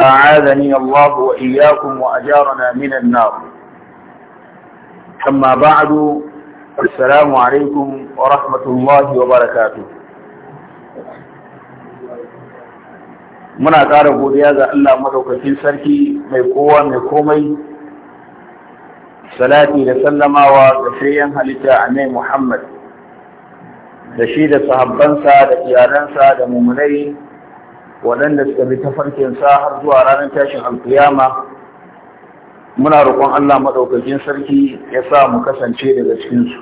أعاذني الله وإياكم وأجارنا من النار أما بعد السلام عليكم ورحمة الله وبركاته muna ƙara godiya ga Allah madaukakin sarki mai kowa mai komai salati da sallamawa ga sayan halitta a annabi Muhammad da shi da sahabbansa da iyalansa da mumunai waɗanda suka bi tafarkinsa har zuwa ranar tashin alkiyama muna roƙon Allah maɗaukakin sarki ya sa mu kasance daga cikinsu.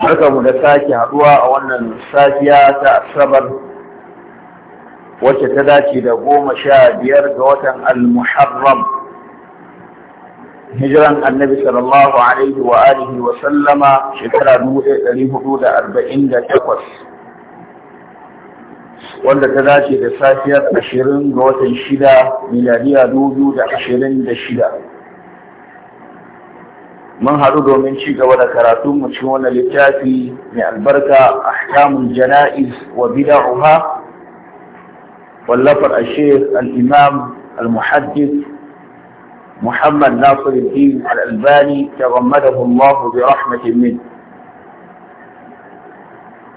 Harka mu da sake haɗuwa a wannan safiya ta Asabar wacce ta dace da goma sha biyar ga watan Al-Muharram. Hijiran annabi sallallahu Alaihi wa alihi wa sallama shekara dubu ɗaya hudu da arba'in da wanda ta dace da safiyar ashirin ga watan shida miladiya dubu da ashirin da shida mun haɗu domin ci gaba da karatun mu cikin wannan littafi mai albarka ahkamul jana'iz wa bid'aha wallafar ashir al-imam al-muhaddith Al-Albani الدين الألباني تغمده الله برحمة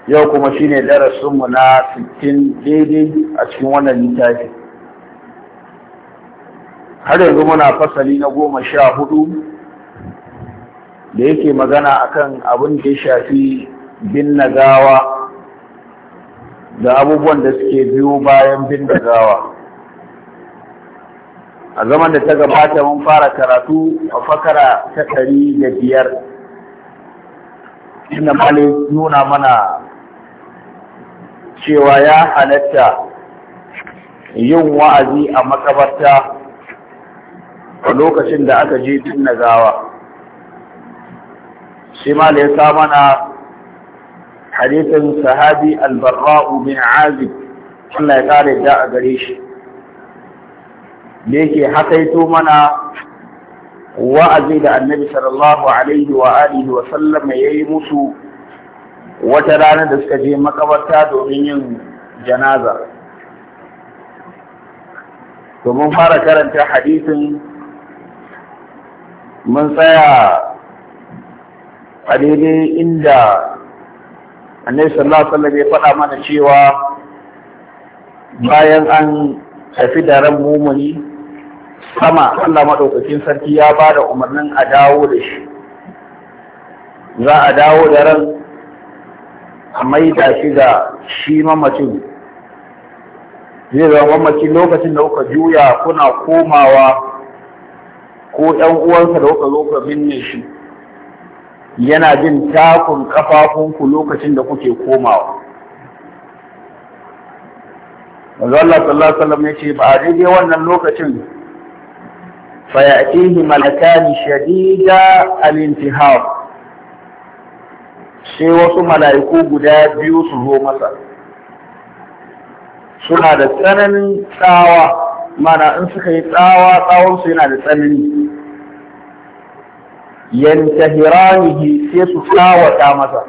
yau kuma shi shine darasinmu na 60 daidai a cikin wannan littafi har yanzu muna fasali na goma sha hudu da yake magana akan abin da ya shafi bin gawa da abubuwan da suke biyo bayan bin gawa a zaman da ta gabata mun fara karatu a fakara ta ɗari da biyar inda malai nuna mana cewa ya halatta yin wa'azi a makabarta a lokacin da aka je binne gawa shi ma da ya sa mana hadisin sahabi albarra'u bin azib Allah ya kare da a gare shi da yake hakaito mana wa'azi da annabi sallallahu alaihi wa alihi wa sallam ya yi musu wata rana da suka je makabarta domin yin janaza domin fara karanta hadisin mun tsaya a daidai inda annabi sallallahu alaihi ya faɗa mana cewa bayan an tafi da ran mumuni sama Allah madaukakin sarki ya ba da umarnin a dawo da shi za a dawo da ran a maida shi ga shi mamacin zai zama mamaci lokacin da kuka juya kuna komawa ko ƴan uwansa da kuka zo ka binne shi yana jin takun ƙafafunku lokacin da kuke komawa Manzo Allah sallallahu alaihi wasallam yace ba a daidai wannan lokacin fayaƙi malakani shadida al-intihar sai wasu mala'iku guda biyu su zo masa suna da tsananin tsawa mana in suka yi tsawa tsawonsu yana da tsanani yantahiranihi sai su tsawata masa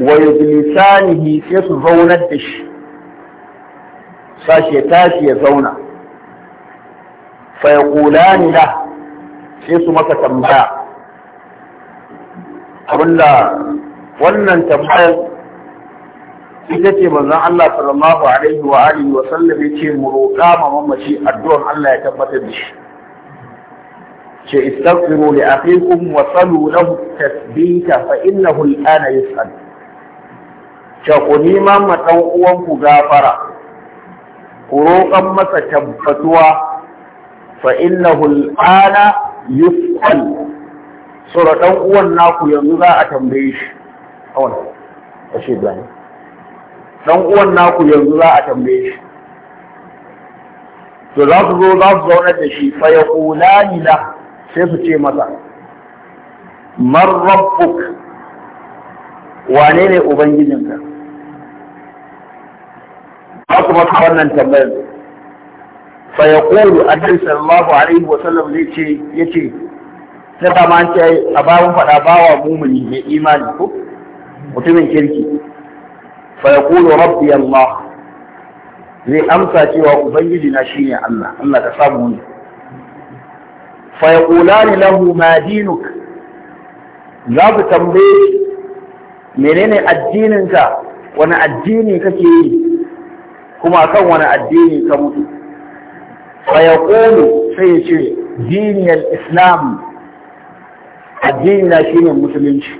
wa yujlisanihi sai su zaunar da shi sashi ya tashi ya zauna fa yaqulani la sai su masa tambaya abinda wannan tambayar ita ce manzon Allah sallallahu alaihi wa alihi wa sallam yace mu roƙa ma mamaci addu'an Allah ya tabbatar da shi ce istaghfiru li akhikum wa salu lahu tathbita fa innahu al'ana yas'al ce ku nima ma dan uwan ku gafara ku roƙan masa tabbatuwa fa innahu al'ana yas'al sura ɗan uwan naku yanzu za a tambaye shi awon ashe gani ɗan uwan naku yanzu za a tambaye shi to za su zo za su zaune da shi fa yaqulani la sai su ce masa man rabbuk wane ne ubangijinka za su masa wannan tambayar fa yaqulu annabi sallallahu alaihi wa sallam zai ce ya ce na dama an ce a babun faɗa bawa mumuni mai imani ko mutumin kirki fa yaqulu rabbi Allah zai amsa cewa ubangiji na ne Allah Allah ka samu ne fa yaqulani lahu ma dinuk za ku tambaye menene addininka wani addini kake yi kuma kan wani addini ka mutu fa yaqulu sai ya ce diniyal islam addini na shi ne musulunci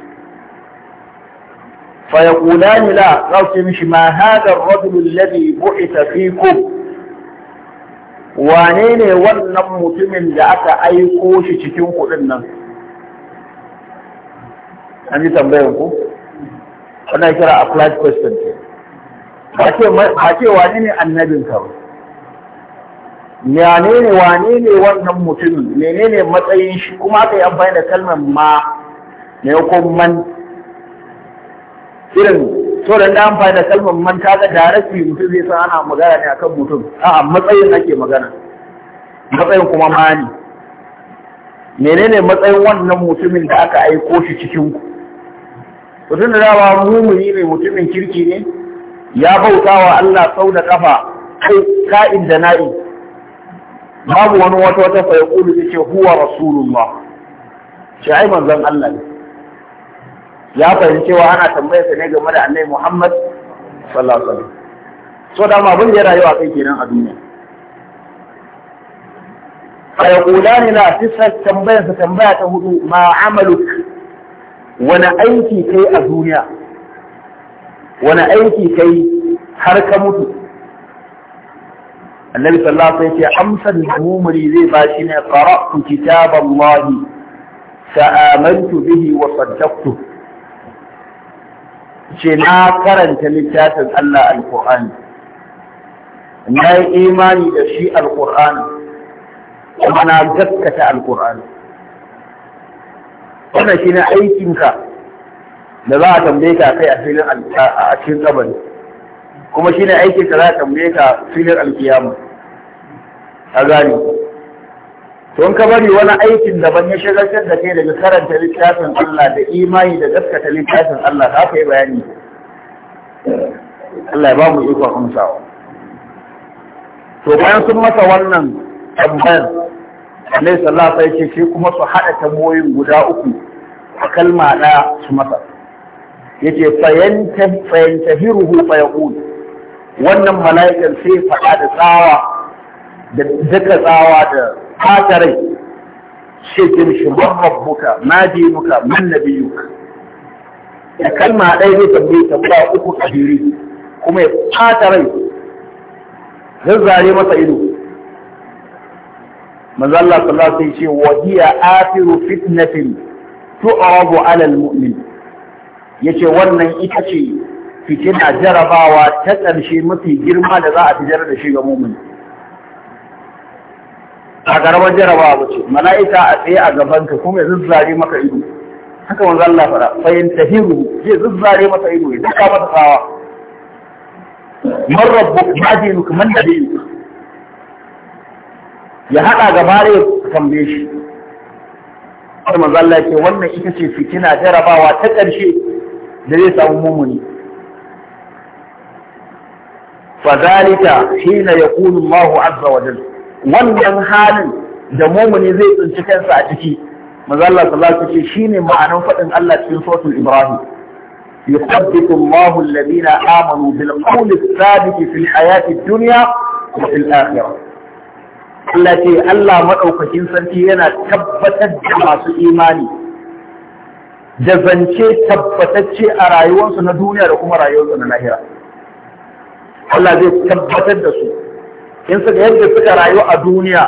fa yaqulani la qawti mishi ma hadar ar-rajul alladhi bu'itha fikum wane ne wannan mutumin da aka aiko shi cikin kuɗin nan an yi tambayar ku wannan kira applied question ce ba ce wane ne annabin ka ba ne wane ne wannan mutumin menene matsayin shi kuma aka yi amfani da kalmar ma ne ko man irin so da na amfani da kalmar man ta ga darasi, mutum zai san ana magana ne akan mutum a'a matsayin ake magana matsayin kuma ma ne menene matsayin wannan mutumin da aka aiko shi cikin ku mutum da dama mumuni ne mutumin kirki ne ya bautawa Allah sau da kafa kai ka'in da na'in babu wani wata wata fa ya kulu yace huwa rasulullah shi ai manzon Allah ne ya fahimci cewa ana tambayar sa ne game da Annabi Muhammad sallallahu alaihi wasallam so da ma bin ya rayuwa kai kenan a duniya fa yaqulani la tisa tambayar sa tambaya ta hudu ma amaluk wani aiki kai a duniya wani aiki kai har ka mutu annabi sallallahu alaihi ya ce amsar da mumuri zai ba shi ne qara'tu kitaballahi fa'amantu bihi wa saddaqtu ce na karanta littafin Allah alqur'ani na yi imani da shi alqur'ani kuma na gaskata alqur'ani wannan shine aikinka da za a tambaye ka kai a filin a cikin kabari kuma shine aikin ka za ka tambaye ka filin alkiyama a gani to ka bari wani aikin da ban ya shagaltar da kai daga karanta littafin Allah da imani da gaskata littafin Allah za ka yi bayani Allah ya ba mu ikon amsawa to bayan sun masa wannan tambayar Allah sallallahu alaihi wasallam sai kuma su hada tamboyin guda uku a kalma ɗaya su masa yace fayantahiruhu fayaqul wannan mala'ikan sai faɗa da tsawa da duka tsawa da fata rai sai ce mishi man rabbuka ma dinuka man nabiyuka kalma ɗaya zai tambaye tambaya uku kabiri kuma ya fata rai zazzare masa ido manzo Allah sallallahu alaihi ce wadiya hiya afiru fitnatin tu'rabu ala almu'min yace wannan ita ce fitina jarabawa ta ƙarshe mafi girma da za a fi fitar da shi ga mumuni a garbar jarabawa ba ce mala'ika a tsaye a gaban ka, kuma ya zuzzare maka ido haka wanzu Allah fara fayin hiru, zai zuzzare maka ido ya duka mata tsawa man rabbu ma dinu kaman da dinu ya haɗa gaba da ya tambaye shi har manzo Allah wannan ita ce fitina jarabawa ta ƙarshe da zai samu mumuni Fadalika hina yaqulu Allahu azza wa jalla wannan halin da mumuni zai tsinci kansa a ciki manzo Allah sallallahu alaihi shine ma'anar fadin Allah cikin suratul Ibrahim yusabbitu Allahu alladhina amanu bil qawli thabit fil hayati dunya wa fil akhirah Allah ce Allah madaukakin sarki yana tabbatar da masu imani da zance tabbatacce a rayuwarsu na duniya da kuma rayuwarsu na lahira Allah zai tabbatar da su in suka yadda suka rayu a duniya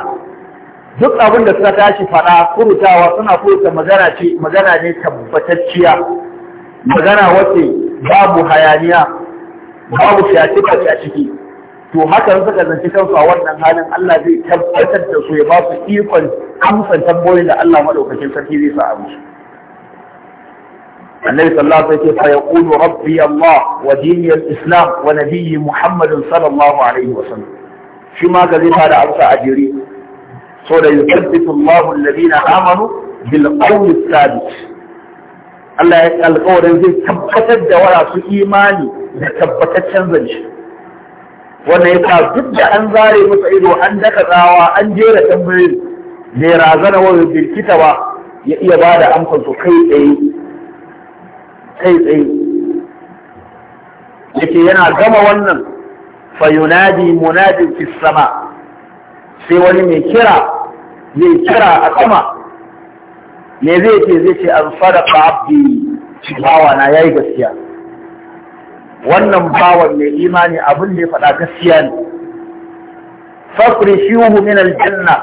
duk abin da suka tashi faɗa furutawa suna furuta magana ce magana ne tabbatacciya magana wace babu hayaniya babu fiyace a ciki to haka hakan suka zanci kansu a wannan halin Allah zai tabbatar da su ya ba su ikon amsan tambayoyin da Allah madaukakin sarki zai sa a musu النبي صلى الله عليه وسلم فيقول ربي الله وديني الإسلام ونبي محمد صلى الله عليه وسلم شما قذف هذا أبسى أجيري سورة يثبت الله الذين آمنوا بالقول الثابت Allah ya alƙawarin zai tabbatar da warasu imani da tabbataccen zance. Wannan ya sa duk da an zare masa ido an daka tsawa an jera tambayoyin bai razana wa birkita ba ya iya ba da amsa su kai tsaye kai tsaye yake yana gama wannan fayunadi munadin fi sama sai wani mai kira zai kira a sama me zai ce zai ce an abdi bawa na yayi gaskiya wannan bawan mai imani abin da ya faɗa gaskiya ne fakri min aljanna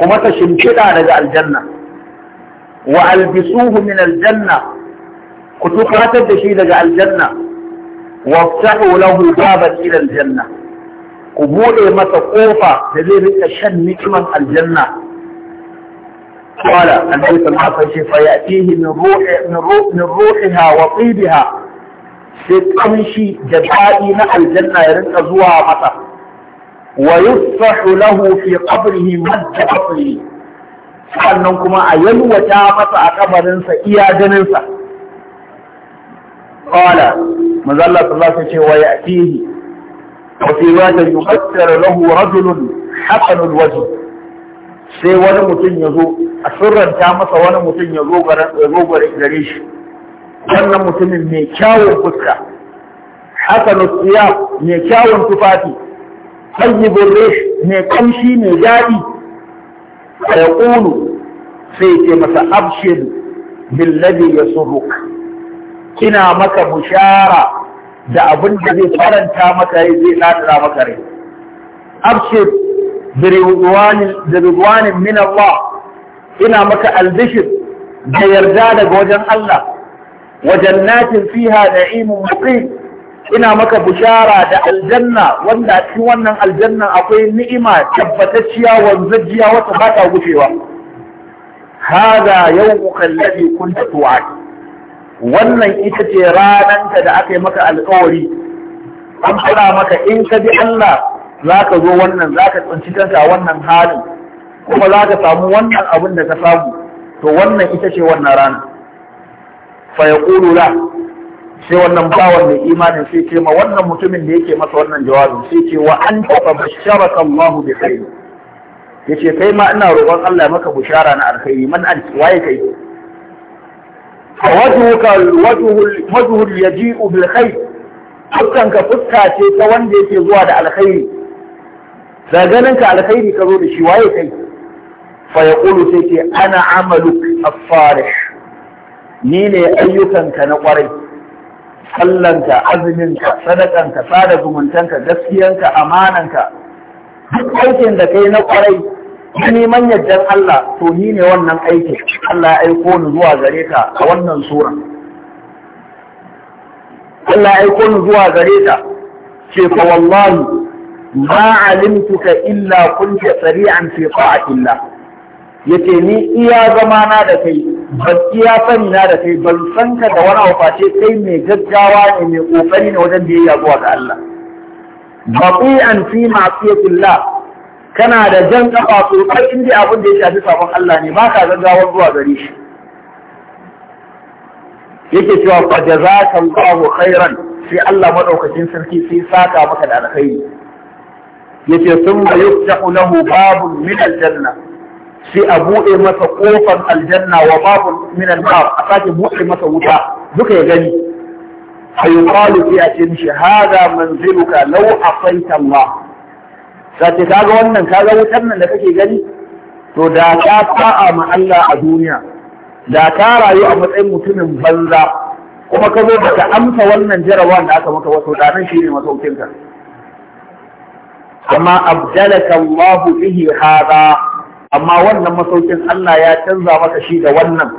kuma ta shimfiɗa daga aljanna wa albisuhu min aljanna ku tufatar da shi daga aljanna waftahu lahu baban ila aljanna ku bude masa kofa da zai rika shan nikiman aljanna qala annabi sallallahu alaihi wasallam fa yatihi min ruhi min ruhiha wa sai kamshi da dadi na aljanna ya rinka zuwa masa wa yusfahu lahu fi qabrihi madda qabrihi sannan kuma a yalwata masa a kabarinsa iya sa. qala manzo Allah sallallahu alaihi wasallam wa ya'tihi wa fi wajhi yuqaddar lahu rajulun hasanul wajh sai wani mutum ya zo a surranta masa wani mutum ya zo gare shi wannan mutumin mai kyawun fuska hasanul siyaf mai kyawun tufafi tayyibul rish mai kamshi mai daɗi ya ƙulu sai ce masa abshir billadi ya surruka ina maka bushara da abin da zai faranta maka yi zai ladara maka rai abshir da ridwanin min Allah ina maka albishir da yarda daga wajen Allah Wajen natin fiha na'imun muqim ina maka bushara da aljanna wanda a cikin wannan aljanna akwai ni'ima tabbatacciya wanzajjiya wata ba ta gushewa yau yawmuka alladhi kunta tu'ad wannan ita ce rananka da aka yi maka alkawari an fara maka in ka bi Allah za ka zo wannan za ka tsinci kanka a wannan halin kuma za ka samu wannan abin da ka samu to wannan ita ce wannan rana fa ya la sai wannan bawan mai imanin sai ce ma wannan mutumin da yake masa wannan jawabin sai ce wa an taɓa basharaka Allahu bi khairi yace kai ma ina roƙon Allah maka bushara na alkhairi man waye kai وجهك الوجه الوجه اليجيء بالخير فكانك fuska ce ta wanda yake zuwa da alkhairi da ganin ka alkhairi ka zo da shi waye kai fa yaqulu sai ce ana amaluk as ni ne ayyukanka na kwarai sallanka azuminka sadakanka sada zumuntanka gaskiyanka amananka duk aikin da kai na kwarai Wani neman yaddan Allah to ni ne wannan aikin Allah ya aiko ni zuwa gare ka a wannan sura Allah ya aiko ni zuwa gare ka ce fa wallahi ma alimtuka illa kunta sari'an fi ta'atillah yace ni iya zama na da kai ban iya sani na da kai ban san ka da wani abu face kai mai gaggawa ne mai kokari ne wajen biyayya zuwa ga Allah baqi'an fi ma'siyatillah kana da jan kafa sosai in dai abin da ya shafi sabon Allah ne ba ka gaggawar zuwa gare shi yake cewa fa jazakallahu khairan sai Allah madaukakin sarki sai saka maka da alkhairi yace thumma yuftahu lahu babun min aljanna sai a buɗe masa ƙofar aljanna wa babun min alnar a sake buɗe masa wuta duka ya gani fa yuqalu fi atin shahada manziluka law asaita Allah ka ce kaga wannan kaga wutar nan da kake gani to da ka fa'a ma Allah a duniya da ka rayu a matsayin mutumin banza kuma ka zo ka amsa wannan jarabawan da aka maka wato da nan shine ka. amma abdalaka Allah bihi hada amma wannan masaukin Allah ya canza maka shi da wannan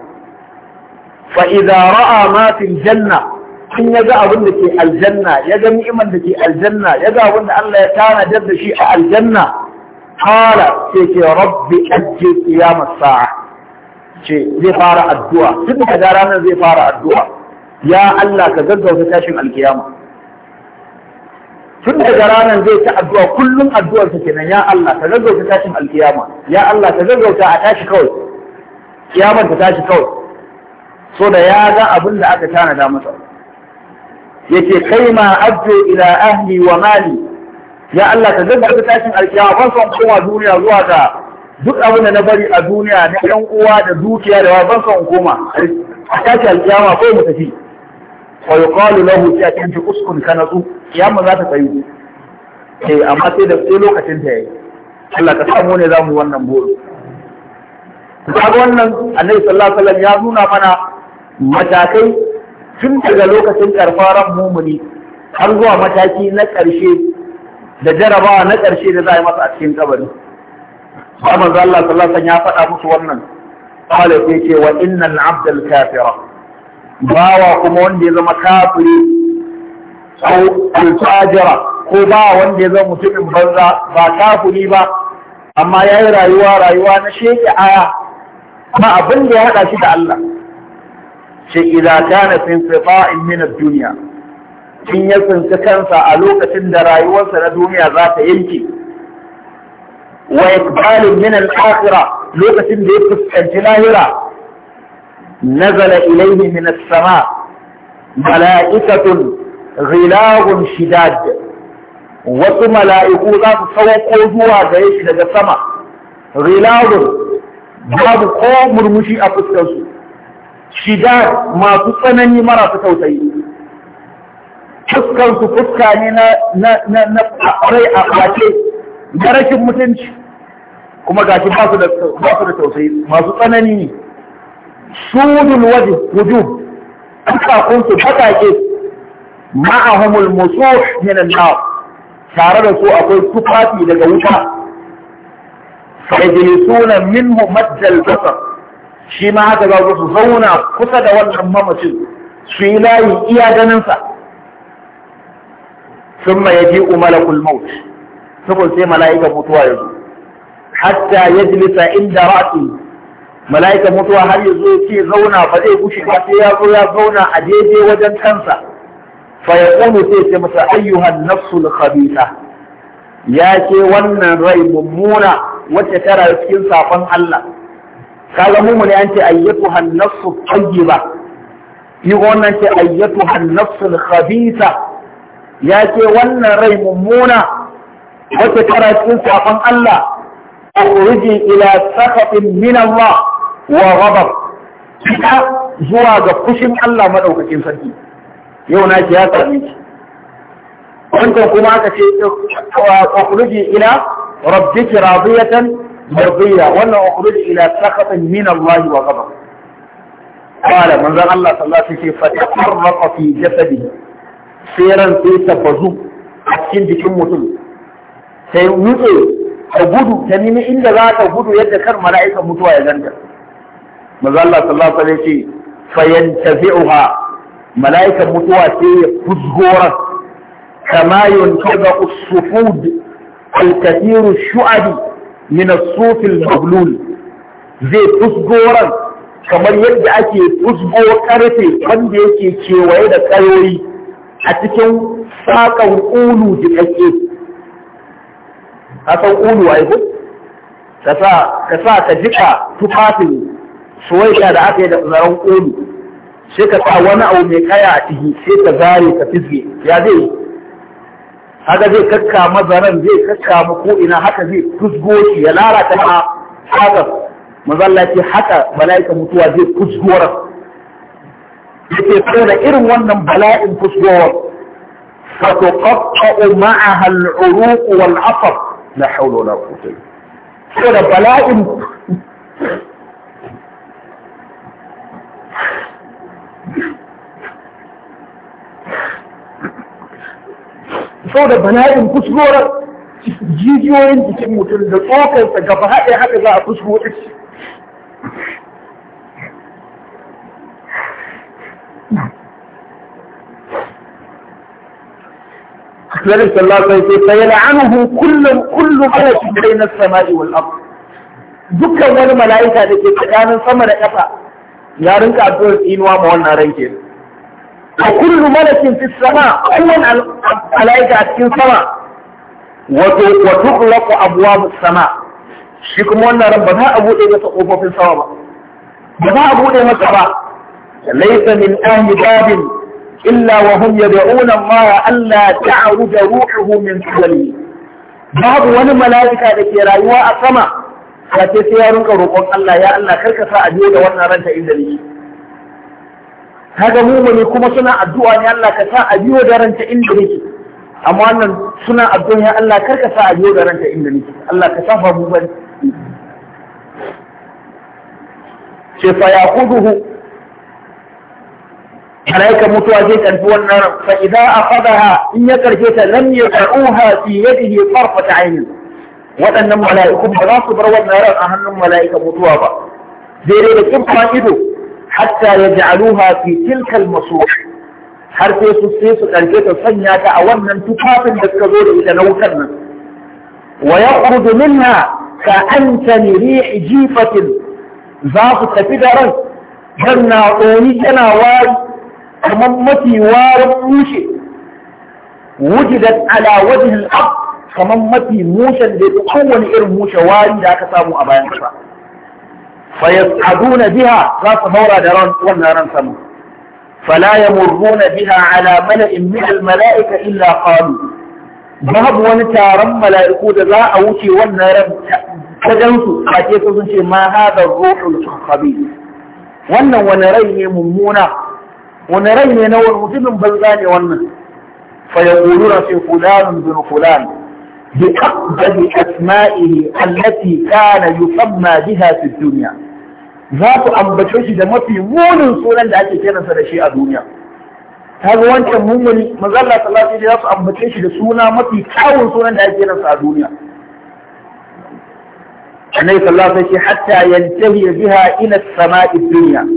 fa idza ra'a ma fil janna in ya ga abin da ke aljanna ya ga ni'imar da ke aljanna ya ga abin da Allah ya tanadar da shi a aljanna hala sai ke rabbi ajje qiyamah sa'a ce zai fara addu'a duk da ga ranar zai fara addu'a ya Allah ka gaggauta tashin alkiyama tun daga ranar zai ta addu'a kullum addu'ar ta kenan ya Allah ka gaggauta tashin alkiyama ya Allah ka gaggauta a tashi kawai kiyamar ta tashi kawai so da ya ga abin da aka tanada masa yake kai ma abdu ila ahli wa mali ya Allah ka zaba da tashin alkiyama ban son koma duniya zuwa ga duk abin da na bari a duniya na ɗan uwa da dukiya da ban son koma a tashi alkiyama ko mu tafi wa yuqalu lahu ya tanti uskun kanatu kiyama za ta tsayu eh amma sai da sai lokacin ta yayi Allah ka samu ne zamu wannan buru ga wannan annabi sallallahu alaihi wasallam ya nuna mana matakai tun daga lokacin karfaran mumuni har zuwa mataki na ƙarshe da jarabawa na ƙarshe da za a yi masa a cikin kabari ba manzo Allah sallallahu alaihi ya faɗa musu wannan qala sai ce wa innal abda kafira bawa kuma wanda ya zama kafiri ko al ko ba wanda ya zama mutumin banza ba kafiri ba amma yayi rayuwa rayuwa na sheke aya ba abin da ya haɗa shi da Allah إذا كان في انقطاع من الدنيا إن يكن سكنسا ألوكة درائي وصل الدنيا ذات ينكي وإقبال من الآخرة لوكة ديكس الجلاهرة نزل إليه من السماء ملائكة غلاغ شداد وثم لا يقوضان سوقوا جوا جيش لجسما غلاغ باب قوم المشيئة في السلسل shida masu tsanani marasu tausayi fuskansu fuska ne na kwarai a kwace na rashin mutunci kuma gashi ba su da tausayi masu tsanani ne sudul waje wuju fuskakunsu bakake ma'ahumul musu minan na tare da su akwai tufafi daga wuta sai sunan minhu majjal basar shi ma haka za su zauna kusa da wannan mamacin su yi layi iya ganinsa sun ma yaji umalakul maut sai mala'ikan mutuwa ya zo hatta yajlisa inda ra'si mala'ika mutuwa har ya zo ce zauna ba zai gushe ba sai ya zo ya zauna a daidai wajen kansa fa ya kunu sai ce masa ayyuhan nafsul ya ce wannan rai mummuna wacce ta rayu cikin safan Allah kaga mu ne an ce ayyatu hannasu tayyiba Ni wannan ce ayyatu hannasu khabisa ya ce wannan rai mummuna wacce tara cikin safan Allah ukhriji ila sakhatin min Allah wa ghadab fita zuwa ga fushin Allah madaukakin sarki yau na ce ya same shi wancan kuma aka ce ukhriji ila rabbiki radiyatan بغية ولا أخرج إلى سخط من الله وغضب قال من ذا الله صلى الله عليه وسلم فتحرق في جسده سيرا في تفزو أكين جكم مطل سيوطي تبودو تنمي إلا لا تبودو يذكر ملائكة متوى يذنك من ذا الله صلى الله عليه وسلم فينتزعها ملائكة متوى تفزغورة كما ينتزع الصفود الكثير الشعبي min as-sufil mablul zai ran kamar yadda ake fusgo karfe wanda yake kewaye da kayoyi a cikin sakan ulu jikakke hasan ulu ai ko ka sa ka jika tufafin suwaita da aka yi da zaren ulu sai ka sa wani abu mai kaya a ciki sai ka zare ka fisge ya zai haka zai kakka mazaran zai kakka mu ko ina haka zai kusgo shi ya lalata ma haka mazalla ce haka mala'ikan mutuwa zai kusgowar yake ce da irin wannan bala'in kusgowar fa tuqatta'u ma'aha al-uruq wal afaq la hawla wala quwwata illa billah bala'in saboda bana'in kuskurar jijiyoyin jikin mutum da tsokarsa gaba haɗe haka za a kuskure النبي صلى الله عليه وسلم فيلعنه كل كل ملك بين السماء والارض dukkan wani mala'ika da ke tsakanin sama da ƙasa ya rinka addu'ar inuwa ma wannan rai ke a kullum malakin fi sama kowane alaika a cikin sama wato wato tughlaqu abwabu sama shi kuma wannan ran ba za a bude masa kofofin sama ba ba za a bude masa ba laysa min ahli babin illa wa hum yad'una ma alla ta'ruja ruhuhu min qibli babu wani mala'ika da ke rayuwa a sama sai sai ya rinka roƙon Allah ya Allah karka sa a je da wannan ranta inda nake kaga mumuni kuma suna addu'a ne Allah ka sa a biyo da ranta inda nake amma wannan suna addu'a ne Allah kar ka sa a biyo da ranta inda nake Allah ka sa fa mu bane ce fa yaquduhu malaika mutuwa zai karbi wannan ran fa idza akhadaha in ya karbe ta lam yaqruha fi yadihi tarfat ayni waɗannan mala'iku ba za su bar wannan ran a hannun mala'ika mutuwa ba dai da kin ido حتى يجعلوها في تلك المصروف har sai su sai su ɗarke ta sanya ta a wannan tufafin da suka zo da ita na wutar nan wa yakhruju minha ka anta rih jifatin za su tafi da ran dan na tsoni yana wari kamar mafi warin mushe wujidat ala wajhi al-ard kamar mafi mushen da kowane irin mushe wari da aka samu a bayan kasa fa yas'aduna biha za su haura da ran wannan ran sama fala yamurruna biha ala mala'in min malaika illa qalu babu wani taron mala'iku da za a wuce wannan ran ta gansu a ce sun ce ma hadar wannan wani rai ne mummuna wani rai ne na wani mutumin banza ne wannan fa yaquluna fi fulan bin fulan بأقبل أسمائه التي كان يسمى بها في الدنيا ذات أنبتش في مول سونا لأكي كان سنشيء الدنيا هذا وانت مؤمن مظلة الله تعالى ذات أنبتش دسونا في كاون سونا لأكي كان سنشيء الدنيا النبي صلى الله عليه وسلم حتى ينتهي بها إلى السماء الدنيا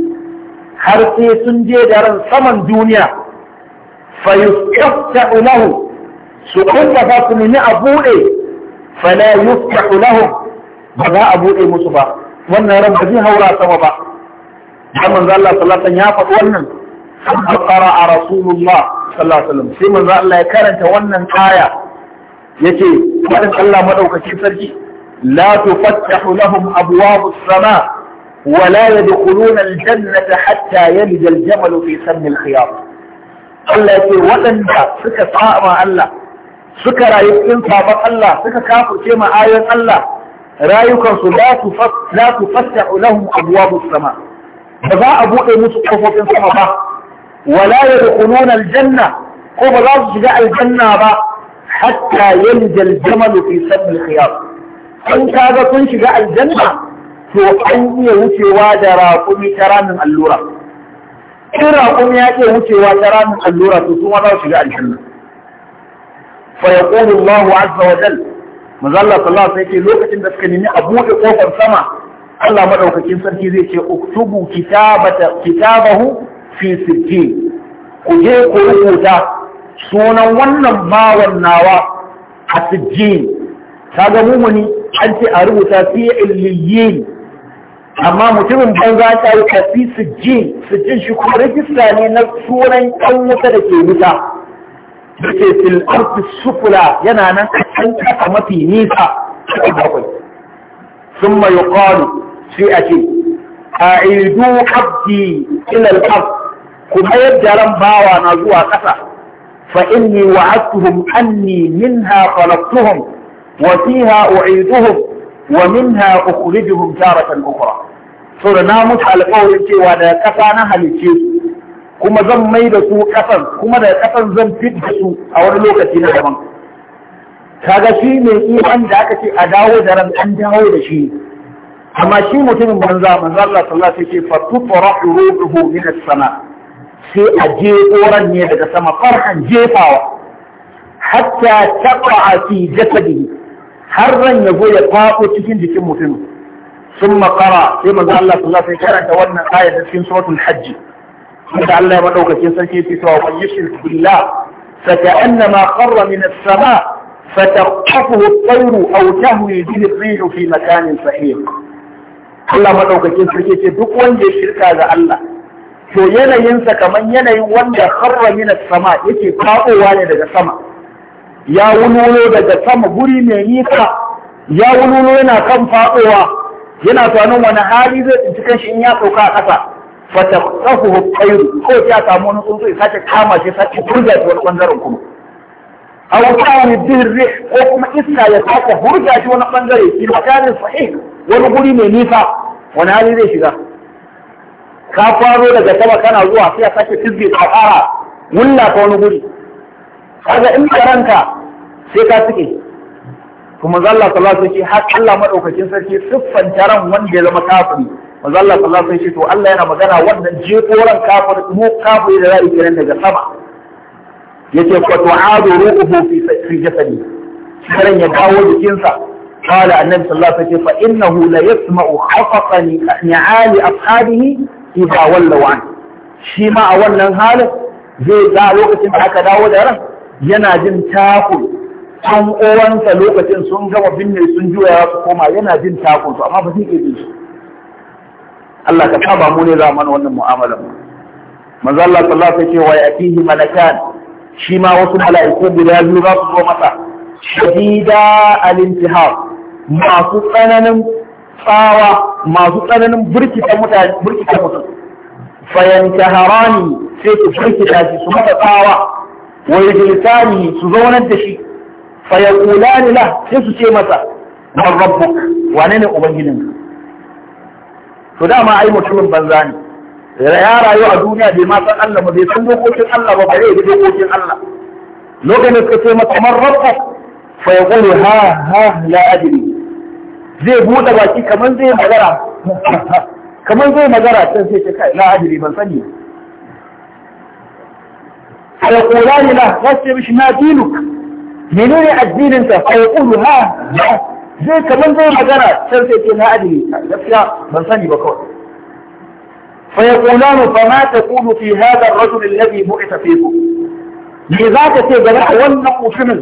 حرقي سنجي دار سمن الدنيا فيستفتح له su kunkafa ku nemi a buɗe fala yuftahu lahum ba za a buɗe musu ba wannan ran ba zai haura sama ba dan manzo Allah sallallahu alaihi wasallam ya faɗi wannan sai qara'a rasulullah sallallahu alaihi wasallam sai manzo Allah ya karanta wannan aya yace wadan Allah madaukaki sarki la tufattahu lahum abwabus sama ولا يدخلون الجنة حتى يلج الجمل في سم الخياط Allah ce waɗanda suka tsama Allah suka rayu cikin sabon Allah suka kafirce ma ayoyin Allah rayukansu la tufattahu lahum abwabus sama ba za a bude musu kofofin sama ba wala yadkhuluna aljanna ko ba za su shiga aljanna ba hatta yalja aljamal fi sabl khiyar an kaga sun shiga aljanna to an iya wucewa da raƙumi ta ramin allura in raƙumi ya iya wucewa ta ramin allura to su ma za su shiga aljanna fa yaqulu Allahu azza wa jalla manzo Allah sallallahu alaihi wasallam lokacin da suka nemi a buɗe kofar sama Allah maɗaukacin sarki zai ce uktubu kitabata kitabahu fi sijjin ku je ku rubuta sunan wannan bawan nawa a sijjin kaga mumuni an ce a rubuta fi illiyin amma mutumin banza ta yi kafi sijjin sijjin shi kuma rajista ne na sunan ɗan wuta da ke wuta yake fil ardi sufla yana nan a kasa mafi nisa cikin bakwai summa yuqalu sai a ce a'idu abdi ila al-ard kuma yadda ran bawa na zuwa ƙasa. fa inni wa'adtuhum anni minha khalaqtuhum wa fiha u'iduhum wa minha ukhrijuhum taratan ukhra Sau da na mutu alƙawarin cewa daga ƙasa na halicce su kuma zan mai da su kasan, kuma da ƙasar zan fit da su a wani lokaci na daban kaga shi mai iman da aka ce a dawo da ran an dawo da shi amma shi mutumin banza manzo Allah sallallahu alaihi wasallam ce fa tutrahu ruhu min as-sama sai a je koran ne daga sama farkan jefawa hatta taqa'a fi jasadihi har ran ya zo ya faɗo cikin jikin mutum ثم قرأ في من الله صلى الله عليه وسلم wannan ayat cikin suratul hajji. da Allah madaukakin sarki yake cewa wa yushrik billah fa ka'annama qarra min as-sama fa taqafuhu at-tayru aw tahwi bihi ar-rih fi makanin Allah madaukakin sarki ce duk wanda ya shirka ga Allah to yanayinsa kamar yanayin wanda qarra min as-sama yake kawowa ne daga sama ya wululo daga sama guri mai nisa ya wululo yana kan faɗowa yana tunanin wani hali zai tsinci shi in ya sauka a ƙasa fata tsahu hukkairu ko ya samu wani tsuntsu ya sake kama shi sake burga shi wani ɓangaren kuma A aw kawai birri ko kuma iska ya sake burga shi wani ɓangare fi makanin sahih wani guri mai nisa wani hali zai shiga ka faro daga sama kana zuwa sai ya sake fizge ka fara wulla ka wani guri kaga in da ranka sai ka tsike kuma zalla sallallahu alaihi wasallam har Allah madaukakin sarki siffan taran wanda ya zama kafiri manzo Allah sallallahu alaihi wasallam to Allah yana magana wannan jefo ran kafir mu kafir da ra'ayi kiran daga sama yace ko to azu ruhu fi fi jasadi karen ya kawo jikinsa qala annabi sallallahu alaihi wasallam fa innahu la yasma'u khafatan ni'ali ashabihi idha walla wa shi ma a wannan halin zai ga lokacin da aka dawo da ran yana jin takul an uwansa lokacin sun gama binne sun juya su koma yana jin takun su amma ba zai iya jin Allah ka saba mu ne za mana wannan mu'amala manzo Allah sallallahu alaihi wa yatihi malakan shi ma wasu mala'iku guda biyu za su zo masa shadida al-intihar masu tsananin tsawa masu tsananin burkita mutane burkita mutum fayantaharani sai su burkita shi su mata tsawa wa yajlisani su zaunar da shi fayaqulani la sai su ce masa man rabbuk wane ne ubangijinka to dama ai mutumin banza ne ya rayu a duniya bai ma san Allah ba bai san dokokin Allah ba bare da dokokin Allah lokacin da suka ce masa man rabba fa yaqulu ha ha la adri zai bude baki kamar zai magara kamar zai magara sai sai ce kai la adri ban sani fa yaqulani la wasu mishi ma dinuk menene addinin ka fa yaqulu ha zai kamar zai magana can sai ce na adini gaskiya ban sani ba kawai fa yaqulanu fa ma taqulu fi hadha ar-rajul alladhi bu'itha fikum me za ka ce game da wannan mutumin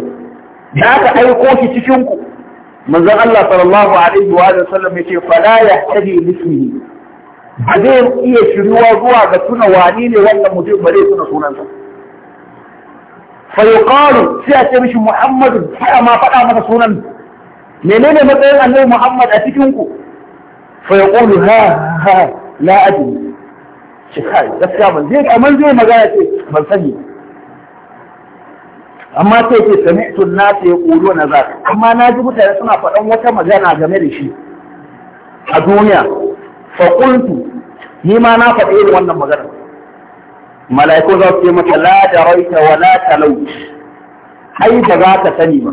da aka aiko shi cikin ku manzon Allah sallallahu alaihi wa sallam yace fala yahtadi bismihi ba zai iya shiruwa zuwa ga tuna wani ne wannan mutum ba zai tuna sunansa fa yuqalu sai a ce mishi Muhammadu sai ma faɗa mana sunan menene matsayin annabi Muhammad a cikin ku fa yaqulu ha ha la adri shi kai gaskiya ban zai kamar zai magana ce ban sani amma sai ce sami'tu an-nas yaquluna za amma na ji mutane suna faɗan wata magana game da shi a duniya fa qultu ni ma na faɗi irin wannan magana mala'iku za su ce mata la daraita wa la talawt ai ba za ka sani ba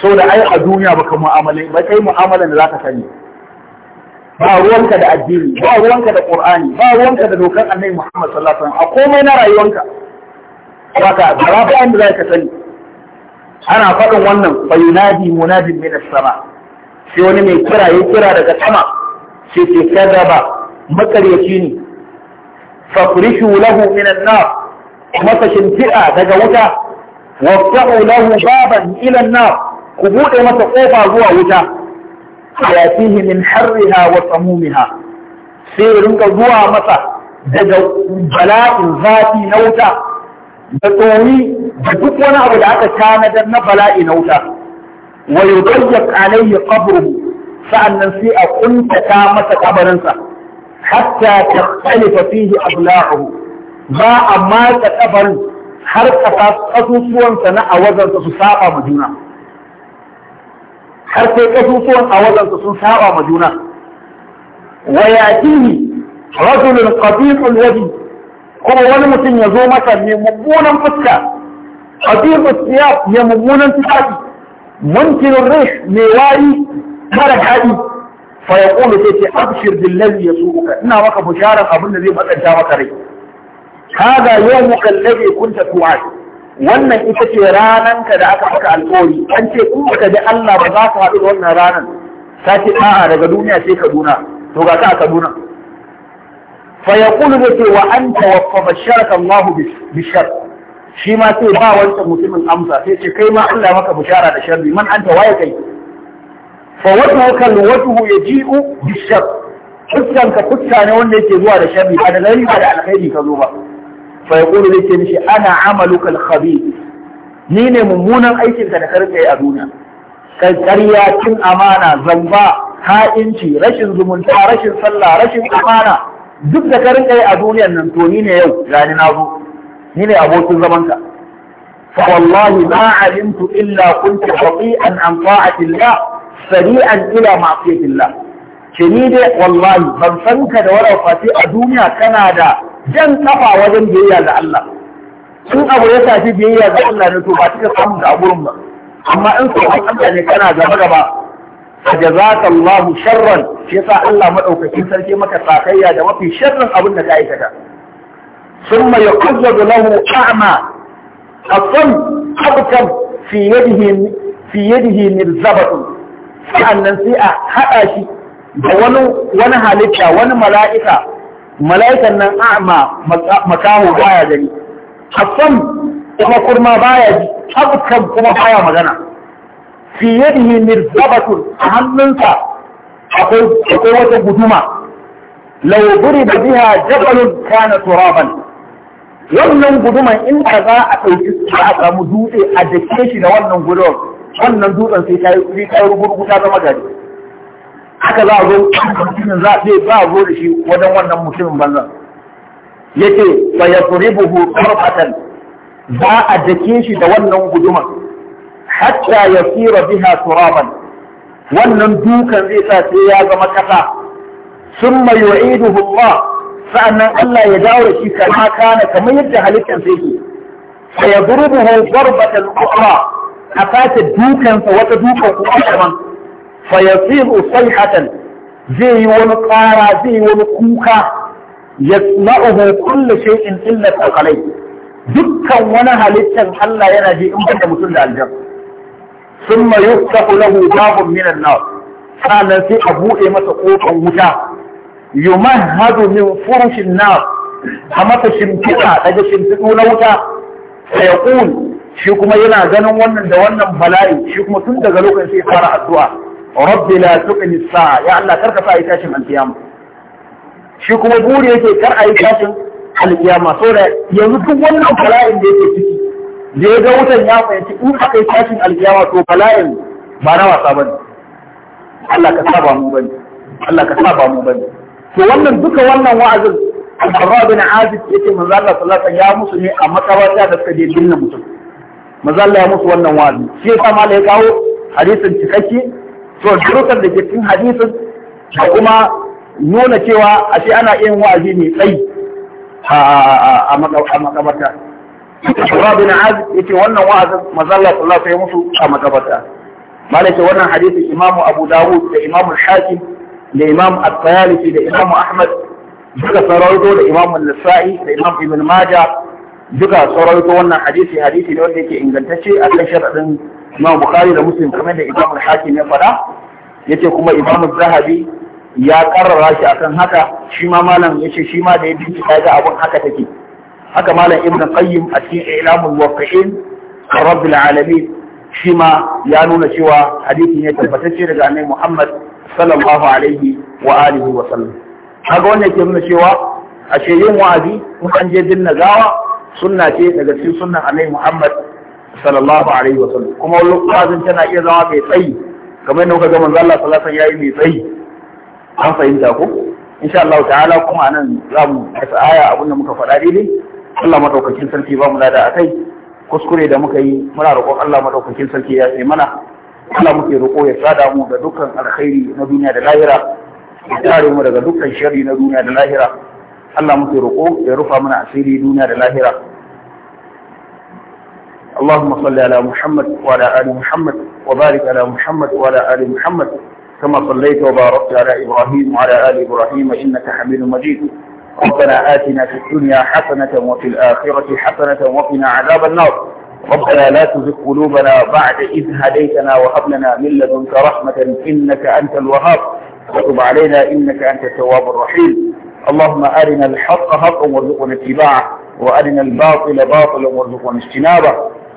da ai a duniya baka mu'amala ba kai mu'amalan da zaka sani ba ruwanka da addini ba ruwanka da qur'ani ba ruwanka da dokar annabi Muhammad sallallahu alaihi wasallam a komai na rayuwanka baka ba ba inda zaka sani ana faɗin wannan bayunadi munadin min as-sama sai wani mai kira ya kira daga sama sai ce kadaba makaryaci ne fafrishu lahu min an-nar masa shimfi'a daga wuta waftahu lahu baban ila an-nar ku buɗe masa ƙofa zuwa wuta hayatihi min harriha wa samumiha sai rinka zuwa masa daga bala'in zafi na wuta da tsoni da duk wani abu da aka tanadar na bala'i na wuta wa yudayyaq alayhi qabruhu sa'annan sai a kuntata masa kabarinsa hatta takhtalifa fihi abla'uhu ba a matsa kabarin har kasusuwansa na awazarsa su saba ma juna har sai kasusuwan awalansa sun saba ma juna wa yatihi rajulun qatiqul wajh kuma wani mutum ya zo masa ne mummunan fuska qatiqul siyab ya mummunan tsaki, munkinun rish mai wari mara daɗi fa yaqulu sai ce abshir billazi yasuuka ina maka bisharar abin da zai bakanta maka rai hada yawmuka alladhi kunta tu'ad wannan ita ce ranar ka da aka saka alƙawari an ce in ka ji Allah ba za ka haɗu da wannan ranan ta ce a'a daga duniya sai Kaduna to ga ka a Kaduna fa yaqulu bi wa anta wa basharaka Allah bi shar shi ma sai ba wancan mutumin amsa sai ce kai ma Allah maka bishara da sharri man anta waye kai fa kan alwajhu yaji'u bi shar fuskan ka fuska ne wanda yake zuwa da sharri ba da lari ba da alkhairi ka zo ba fa yaqulu zai ana Amalukal al ni ne mummunan aikin ka da ka yi a duniya kai ƙarya cin amana zamba ha'inci rashin zumunta rashin sallah rashin amana duk da ka yi a duniyan nan to ni ne yau gani na zo ni ne abokin zamanka fa wallahi ma alimtu illa kuntu qati'an an ta'atillah sari'an ila ma'siyatillah ce ni dai wallahi ban san ka da wani fati a duniya kana da jan kafa wajen biyayya ga Allah in abu ya shafi biyayya ga Allah ne to ba cika samun da aburin ba amma in sabon Allah ne kana gaba gaba fajazaka Allah sharran shi yasa Allah madaukakin sarki maka sakayya da mafi sharrin abin da ka aikata ثم يقلد له أعمى الصم أبكم في يده في يده مرزبة sa'annan sai a haɗa shi da wani halitta wani mala'ika mala'ikan nan a'ma makaho baya gani hasan kuma kurma baya ji tabkan kuma baya magana fi yadihi mirzabatun a hannunsa akwai wata guduma law da biha jabalun kana turaban wannan guduman inda za a ɗauki su a samu dutse a dake shi da wannan gudun wannan dutsen sai ta yi rubutu ta zama gari haka za a zo mutumin za a ce a zo da shi wajen wannan mutumin banzan ya fa yasribuhu tarfatan za a dake shi da wannan guduma hatta yasira biha turaban wannan dukan zai sa sai ya zama kasa summa yu'iduhu Allah sa'annan Allah ya dawo da shi kama kana kamar yadda halittar sai ke fa yadrubuhu darbatan ukhra a sace dukansa wata dukan kuma fa yasiru sayhatan zai yi wani ƙara zai yi wani kuka yasma'uhu kullu shay'in illa al dukkan wani halittar Allah yana ji in banda mutum da aljan summa yuftahu lahu babun min an-nar sannan sai a buɗe masa kofar wuta yumahhadu min furushin nar a masa shimfiɗa daga shimfiɗu na wuta sai ya shi kuma yana ganin wannan da wannan bala'i shi kuma tun daga lokacin sai fara addu'a rabbi la tuqni sa'a ya Allah karka sa ayi tashin alkiyama shi kuma buri yake kar ayi yi tashin alkiyama saboda yanzu duk wannan bala'in da yake ciki da ya ga wutan ya fahimci in aka yi tashin alkiyama to bala'in ba na wasa bane Allah ka saba mu bane Allah ka saba mu bane to wannan duka wannan wa'azin Al-Barra bin Azib yake manzo Allah sallallahu alaihi wasallam ya musu ne a makabarta da suka je binne mutum manzo Allah ya musu wannan wa'azi shi yasa malai kawo hadisin cikakke to durukan da ke cikin hadisin da kuma nuna cewa ashe ana yin wa'azi mai tsayi a makabarta Shura bin Az yace wannan wa'azin mazalla sallallahu yi musu a makabarta malaka wannan hadisi Imam Abu Dawud da Imamu Hakim da Imam At-Tayalisi da Imam Ahmad duka sarauto da Imam Nasa'i da Imam Ibn Majah duka sarauto wannan hadisi hadisi ne wanda yake ingantacce a kan sharadin Imam Bukhari da Muslim kamar da Imam Hakim ya faɗa yace kuma Imam Zahabi ya karrara shi akan haka shi ma malam yace shi ma da ya bincika ga abun haka take haka malam Ibn Qayyim a cikin Ilamul Waqi'in Rabbil Alamin shi ma ya nuna cewa hadisi ne tabbatacce daga Annabi Muhammad sallallahu alaihi wa alihi wa sallam kaga wannan ke nuna cewa a yin wa'azi kun an je dinna gawa sunna ce daga cikin sunnan Annabi Muhammad sallallahu alaihi wa sallam kuma wani wa'azin tana iya zama mai tsayi kamar yadda kuka ga manzo Allah sallallahu alaihi yayi mai tsayi an fahimta ko insha Allah ta'ala kuma nan za mu kasa aya abin da muka faɗa daidai Allah madaukakin sarki ba mu da akai kuskure da muka yi muna roƙon Allah madaukakin sarki ya sai mana Allah muke roƙo ya sada mu da dukkan alkhairi na duniya da lahira ya tare mu daga dukkan sharri na duniya da lahira Allah muke roƙo ya rufa mana asiri duniya da lahira اللهم صل على محمد وعلى آل محمد وبارك على محمد وعلى آل محمد كما صليت وباركت على إبراهيم وعلى آل إبراهيم إنك حميد مجيد ربنا آتنا في الدنيا حسنة وفي الآخرة حسنة وقنا عذاب النار ربنا لا تزغ قلوبنا بعد إذ هديتنا وهب لنا من لدنك رحمة إنك أنت الوهاب وتب علينا إنك أنت التواب الرحيم اللهم أرنا الحق حقا وارزقنا اتباعه وأرنا الباطل باطلا وارزقنا اجتنابه